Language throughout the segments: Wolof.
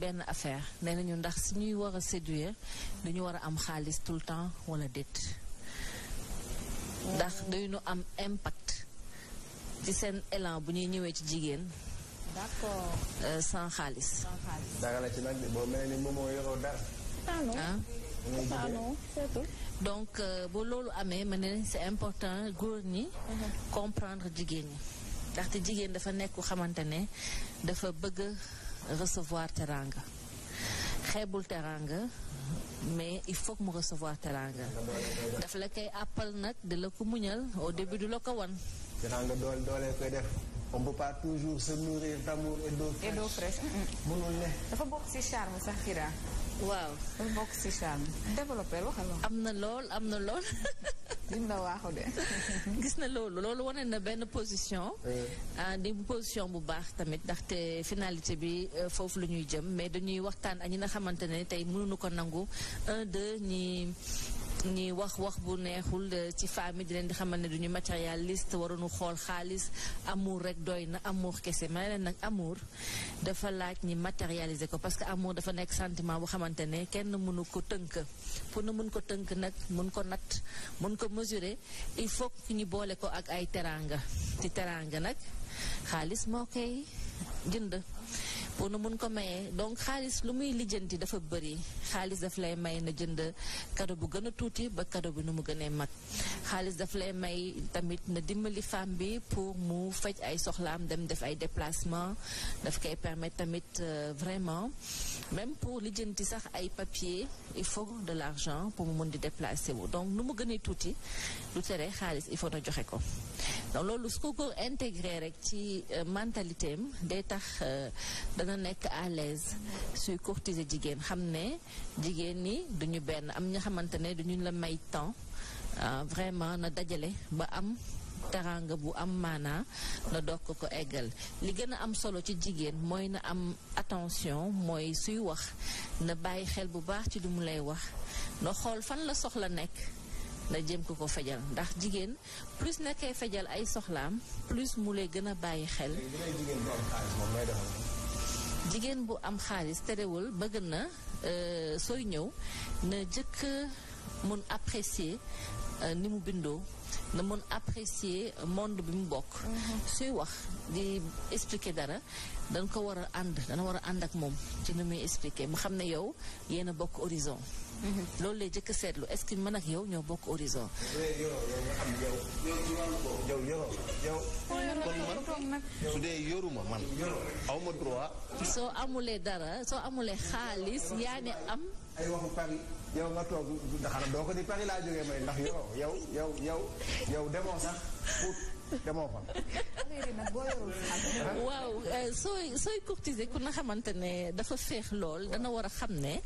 benn affaire nee nañu ndax si ñuy war a séduire dañu war a am xaalis tout temps wala déet ndax dañu am impact ci seen élan bu ñuy ñëwee ci jigéen. d'accord euh, xaalis. sans boo ah ah euh, loolu amee ma ne c'est important góor ñi. Mhm. comprendre jigéen ñi. ndaxte jigéen dafa nekk xamante ne dafa bëgg. recevoir teranga xeebul teranga mais il faut mu recevoir teranga daf la kay àppal nag di la ko muñal au début du la ko wan teranga doole doole koy def on peut mm. ne dafa bokk ci charme sax Kira waaw dafa bokk ci charme développé waxal am na lool am na lool dina waaxu de. gis na loolu loolu wane na benn position. Eh. Ah, di position bu baax tamit ndaxte finalité bi euh, foofu lu ñuy jëm mais dañuy waxtaan ak ñi nga xamante ne tey mënuñu ko nangu un ñi. ñuy wax wax bu neexul eh, ci famille di leen di xamal ne duñu matérialiste waruñu xool xaalis amour rek doy na amour kese ma ne leen nag amour dafa laaj ñi matérialiser ko parce que amour dafa nekk sentiment bu xamante ne kenn mënu ko tënk pour na mën ko tënk nag mun ko natt mën ko mesurer il faut que ñu boole ko ak ay teraanga ci teranga nag xaalis moo koy jënd pour na mun ko maye donc xaalis lu muy lijjanti dafa bëri xaalis daf lay may na jënd kado bu gën a tuuti ba kado bi nu mu gënee mag xaalis daf lay may tamit na dimbali femme bi pour mu faj ay soxlaam dem def ay déplacement daf koy permettre tamit euh, vraiment même pour lijjanti sax ay papier il faut de l'argent pour mu mun di déplacer wu donc nu mu gënee tuuti lu tere xaalis il faut na joxe ko loolu su ko ko intégré rek ci euh, mentalité am day tax euh, dana nekk à l'aise suy courtiser jigéen xam ne jigéen ñi duñu benn am ña xamante ne duñu la may temps euh, vraiment na dajale ba am teranga bu am maanaa na doog ko ko eggal li gën a am solo ci jigéen mooy na am attention mooy suy wax na bàyyi xel bu baax ci li mu lay wax na xool fan la soxla nekk na jéem ko ko fajal ndax jigéen plus nga koy fajal ay soxlaam plus mu lay gën a bàyyi xel. jigéen bu am xaalis terewul bëgg na euh, sooy ñëw na jëkk mun apprécier euh, ni mu bindoo. na mën apprécier monde bi mu bokk mhm. suy wax di expliquer dara dañ ko war a ànd dana war a ànd ak moom ci nu muy expliquer mu xam ne yow yéen a bokk horizon mhm. loolu lay jëkk seetlu est-ce que mën ak yow ñoo bokk horizon yow yoroo su dee yoruma man aw droit soo amulee dara soo amulee xaalis yaa ne am yow nga toog doo ko ni Paris laa jógee may ndax yow yow yow yow demoo sax pour demoo fa. waaw euh, sooy courtiser ku na xamante ne dafa féex lool dana war a xam ne.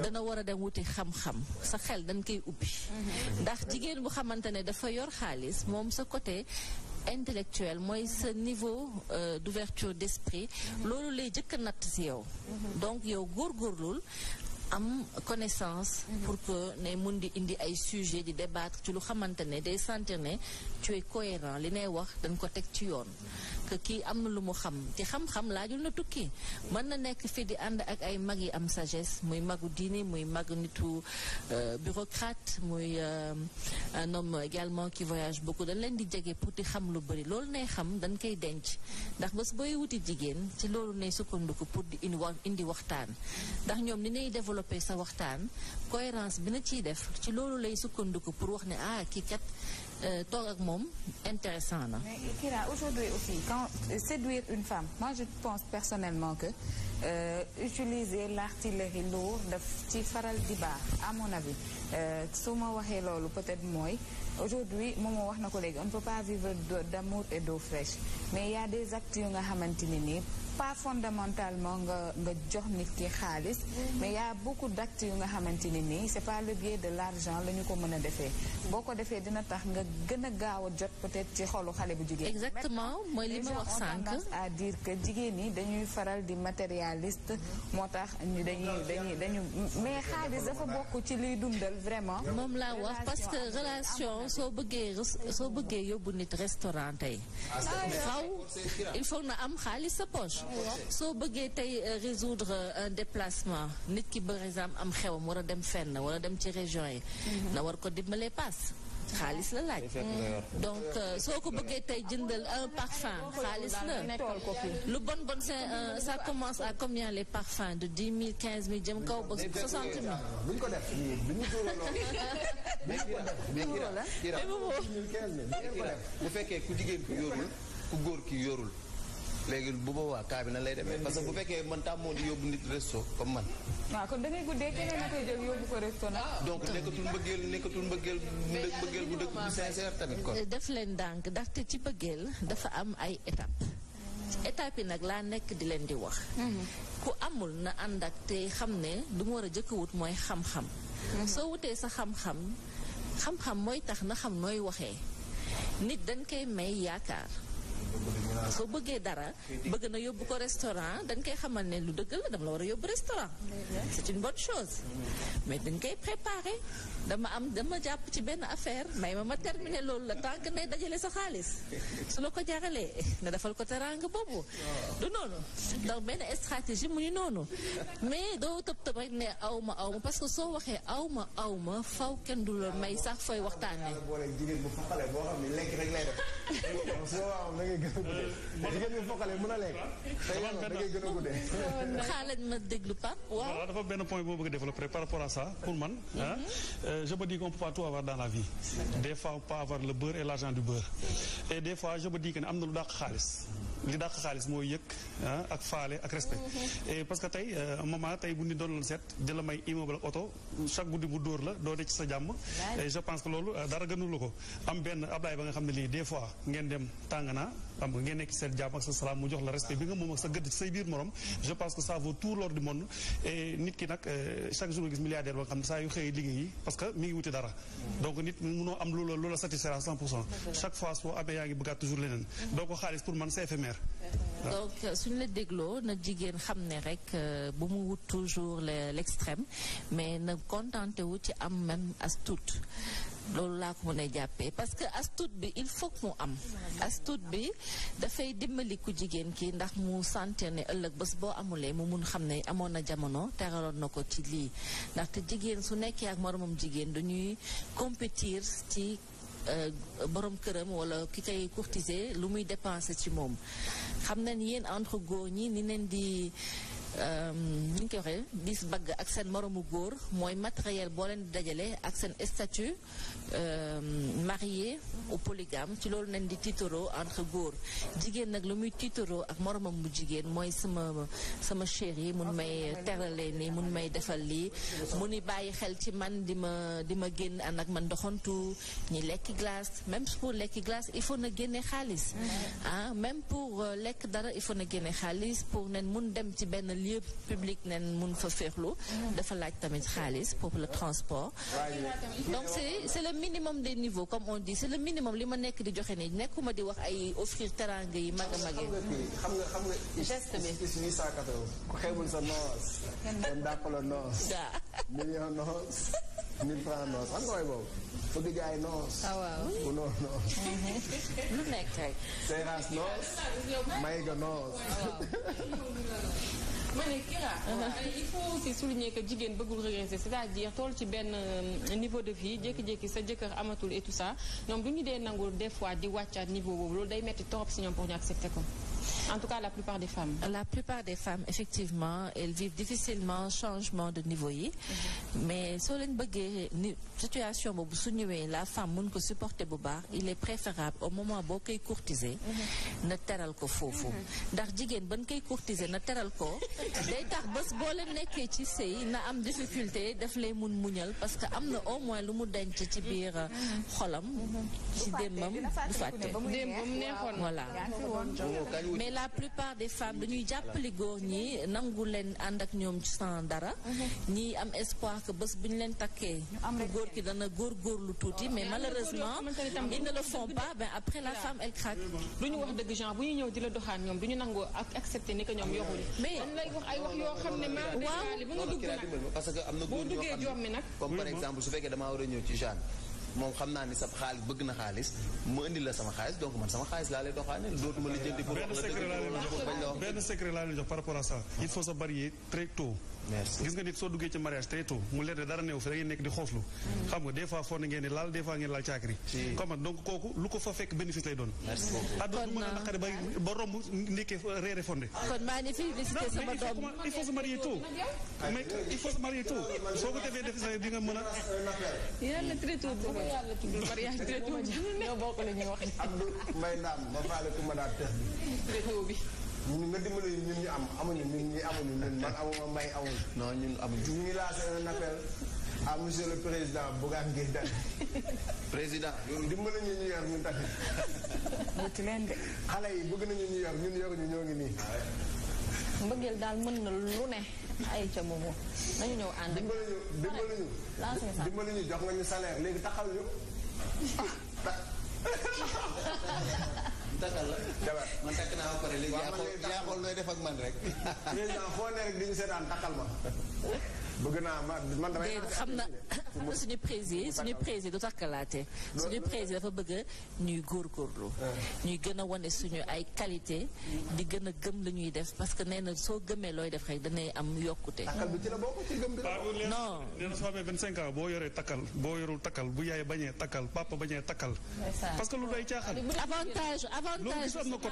dana war a dem wuti xam-xam sa xel dañ koy ubbi. Mm-hmm. ndax jigéen bu xamante ne dafa yor xaalis moom sa côté. intellectuel mooy sa niveau euh, d'ouverture d'esprit mm-hmm. loolu lay jëkk a natt ci yow mm-hmm. donc yow góorgóorlul am connaissance mhm. pour que ne mun di indi ay sujet di débattre ci lu xamante ne day sentir ne tu es cohérent li ngay wax dañ ko teg ci yoon que kii am na lu mu xam te xam-xam laajul na tukki mën na nekk fii di ànd ak ay mag yi am sages muy magu diine muy mag nitu euh, bureaucrate muy euh, un homme également qui voyage beaucoup dañ leen di jege pour di xam lu bëri loolu nay xam dañ koy denc ndax bés booy wuti jigéen ci loolu nay sukkandiku pour di indi indi waxtaan ndax ñoom ni nay développé sa waxtaan cohérence bi na ciy def ci loolu lay sukkandiku pour wax ne ah kii kat Euh, toog ak moom intéressant na. mais Kira aujourd'hui aussi quand séduire une femme moi je pense personnellement que euh, utiliser l'artillerie lourde daf ci faral di baax à mon avis euh, su ma waxee loolu peut-être mooy aujourd'hui moom wax na ko léegi on ne peut pas vivre d'amour et d'eau fraîche mais il y a des actes yu nga xamante ni nii. pas fondamentalement nga nga jox nit ki xaalis mais y a beaucoup d'actes yu nga xamante ni nii c'est par le biais de l'argent la ñu ko mën a defee boo ko defee dina tax nga gën a gaaw a jot peut-être ci xolu xale bu jigéen exactement mooy li ma à dire que jigéen ñi dañuy faral di matérialiste moo tax ñu dañuy dañuy dañu mais xaalis dafa bokk ci liy dundal vraiment moom laa wax parce que relation soo bëggee soo bëggee yóbbu nit restaurant tey ah, faw il faut na am xaalis sa poche soo bëggee tey euh, résoudre euh, un déplacement nit ki par exemple am xewam war a dem fenn wala dem ci région yi mhm. na war ko dimbalee paas xaalis la laaj donc euh, soo ko bëggee tey jëndal un parfum xaalis la lu bon bon c'est ça commence à combien les parfums de dix mille quinze mille jëm kaw ba soixante fekkee ku jigéen ku yorul ku góor ki yorul léegi bu boobaa cas bi nan lay demee parce que bu fekkee man tàmmoon di yóbbu nit resto comme man. waaw kon da ngay guddee keneen na ko resto nag. donc nekkatul mbëggeel nekkatul mbëggeel mbëggeel bu dëgg def leen dànk ndànk te ci bëggeel dafa am ay étape étape yi nag laa nekk di leen di wax. ku amul na ànd ak te xam ne du mu war a jëkk wut mooy xam-xam. soo wutee sa xam-xam xam-xam mooy tax na xam nooy waxee nit dañ koy may yaakaar. soo bëggee dara bëgg na yóbbu ko restaurant dañ koy xamal ne lu dëgg la dama la war a yóbbu restaurant c'est une bonne chose mais dañ koy préparé dama am dama jàpp ci benn affaire may ma ma terminer loolu la tant que dajale sa xaalis su la ko jaralee nga defal ko teraanga boobu du noonu donc benn stratégie mu ngi noonu mais doo tëb tëb rek ne aw ma aw ma parce que soo waxee aw ma aw ma faw kenn du la may sax fooy waxtaanee jigéen a lekk. da déglu Pape waaw. dafa benn point boo bëgg a développer par rapport à ça pour man. Mhm. Euh, je me dis qu'on peut pas tout avoir dans vie. des fois on peut avoir le beurre et l'argent du beurre. et des fois je me ne am na lu dàq xaalis. li dàq xaalis mooy yëg ak faale ak respect. Mhm. et parce que tey maman euh, tey bu ñu doon seet di la may immeuble oto chaque guddi mu dóor la doo de ci sa jàmm. et je pense que loolu euh, dara gënul ko am benn ablaye ba nga xam ne lii des fois ngeen dem tàng naa xam nga ngeen nekk seen jàmm ak sa salaam mu jox la respect bi nga moom ak sa gëdd ci say biir morom je pense que ça vaut tout l'or monde et nit ki nag euh, chaque jour nga gis milliardaire ba nga xam ne saa yu xëyee liggéey parce que mi ngi wuti dara donc nit mënoo am loola loola satisfaire à 100 pour cent chaque fois soo amee yaa ngi bëggaat toujours leneen donc xaalis pour man c'est éphémère donc euh, suñ la dégloo na jigéen xam ne rek euh, bu mu wut toujours l'extrême mais na contenté wu ci am même as tuut loolu laa ko mën a jàppee parce que astut bi il faut que mu am astut bi dafay dimbali ku jigéen ki ndax mu sentir ne ëllëg bés boo amulee mu mun xam ne amoon na jamono teraloon na ko ci lii ndax ndaxte jigéen su nekkee ak moroomam jigéen duñuy compétir ci euh, borom këram wala ki koy courtiser lu muy dépenser ci moom xam nañ yéen entre góor ñi ni leen di Euh, ni koy waxee bis bagg ak seen moroomu góor mooy matériel boo leen di dajale ak seen statut euh, marié ou polygame ci loolu nañ di tiitaroo entre góor jigéen nag lu muy tiitaroo ak moromam mu jigéen mooy sama sama chéri mun may terale nii mun may defal lii mu ni bàyyi xel ci man di ma di ma génn ànd ak man doxantu ñi lekki glace même pour lekki glace il faut na génne xaalis mm-hmm. ah même pour euh, lekk dara il faut na génne xaalis pour nen mun dem ci benn lieu public nen mun fa féexlu dafa laaj tamit xaalis pour le transport donc c'est c'est le minimum des niveaux comme on dit c'est le minimum li ma nekk di joxe nii nekkuma di wax ay offrir teranga yi mag a mage xam nga xam nga xam nga way boobu bëgg jaay noos bu ah, lu nekk rek ma ne Kira uh-huh. il faut aussi souligner que jigéen bëggul régresser c'est-à-dire tool ci benn euh, niveau de vie jékki-jékki sa jëkkër amatul et tout ça ñoom du ñu dee nangu des fois di wàccaat niveau boobu loolu day metti torop si ñoom pour ñu accepter ko En tout cas, la plupart des femmes. La plupart des femmes, effectivement, elles vivent difficilement changement de niveau yi. Mhm. Mais soo leen bëggee ni situation boobu su ñëwee la femme mun ko supporter bu baax il est préférable au moment boo koy courtiser. Mhm. na teral ko foofu. Mhm. ndax jigéen ban koy courtiser na teral ko day tax bés boo leen nekkee ci sëy na am difficulté daf lay mun muñal parce que am na au moins lu mu denc ci biir xolam. ci démbam du fàtte. démb mu neexoon voilà. mais la plupart des femmes dañuy jàppale góor ñi nangu leen ànd ak ñoom ci sans dara. ñii am espoir que bés bu ñu leen takkee. góor ki dana góorgóorlu tuuti mais malheureusement. ils ne le font pas mais après la femme elle craque. du ñu wax dëgg genre bu ñu ñëw di la doxaan ñoom du ñu nangoo ak accepter ni que ñoom yoxuñu. mais xam ne maa. bu nga dugg nag parce que am na góor ñoo xam ne comme par mm-hmm. exemple su fekkee damaa war a ñëw ci Jeanne moom xam naa ni sa xaalis bëgg na xaalis mu indi la sama xaalis donc sama xaalis laa lay doxaane dootuma lijjanti pour wax la dëgg benn secret laa leen jox par rapport à ça il faut se marier très gis nga nit soo duggee ci mariage très tôt mu leer ne dara neew fi da ngeen nekk di xooflu xam nga des fois foog na ngeen di laal des fois ngeen laal caakri comme donc kooku lu ko fa fekk bénéfice lay doon adduna du a euh, naqari ba ba romb ndékkee euh, soo ko defee def sa di nga mën a yàlla très tôt bu ko yàlla tudd mariage très tôt ñoo la ñuy wax Abdou Mbaye Ndam ba faale ku bi très tôt bi ñun nga dimbali ñun ñu am amuñu ñun ñi amuñu ñun man amuma mbay amuñu. non ñun amuñu. ñu ngi lancé un appel à monsieur le président Bougane Gueye Dany. président. dimbali ñu ñu yor ñun tamit. wuti leen de. xale yi bëgg nañu ñu yor ñun yoruñu ñoo ngi nii. Ah mbëggeel daal mën na lu ne ay ca moomu nañu ñëw ànd. dimbali ñu dimbali ñu. jox nga ñu salaire léegi taxal ñu. takkal la. jabar man takk naa ba pare léegi. yaa xool nooy def ak man rek. président foo ne rek di ñu seetaan takkal ma. bëgg naa man damay xam na xam na suñu président suñu président du takkalaate suñu président dafa bëgg ñuy góorgóorlu ah. ñuy gën a wane suñu ay qualité di gën a gëm lañuy def parce que nee na soo gëmee looy def rek danay am yokkute non nee na soo amee vingt cinq ans boo yoree takkal boo yorul takkal bu yaay bañee takkal papa bañee takkal parce que lu day caaxaan avantage avantage am na ko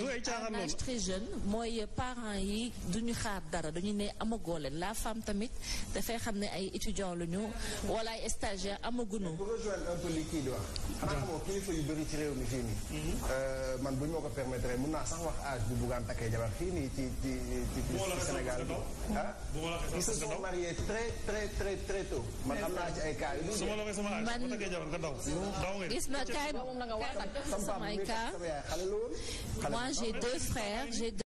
lu ay caaxaan loolu très mooy parents yi duñu xaar dara dañu ne amagoo leen la femme tamit technique dafay xam ne ay étudiants la ñu wala ay stagiaires amagunu. pour rejoindre un peu li kii di wax. Ah. xam nga kilifa yu bëri ci réew mi fii mhm. euh, man bu ñu ma ko permettre mu na sax wax âge bu buggaan takkee jabar fii nii ci ci ci ci Sénégal bi. ah ils se sont mariés très très très très tôt. man am naa ci ay cas yu dul. man gis na kaay moom la nga wax sama moi j'ai deux frères j'ai deux